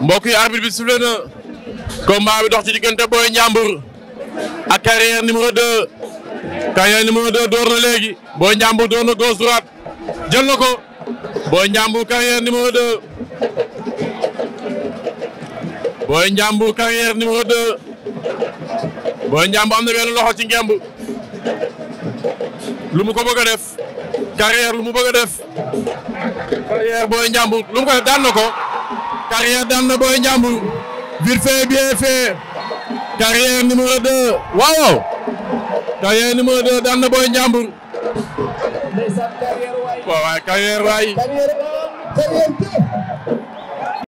mbokk yi arbitre bi sifflé na combat bi dox ci diggante Boy Ndiambour ak carrière numéro 2 carrière léegi Boy Ndiambour door na gauche jël na ko Boy Ndiambour carrière numéro 2. Boy Ndiambour carrière numéro 2 Boy am na benn loxo ci ngemb lu mu ko bëgg a def carrière lu mu bëgg def carrière Boy Ndiambour lu def daan na ko daan na Boy Ndiambour vite fait bien fait carrière numéro 2 waaw waaw daan na Boy Ndiambour waaw waaye carrière waay jërëjëf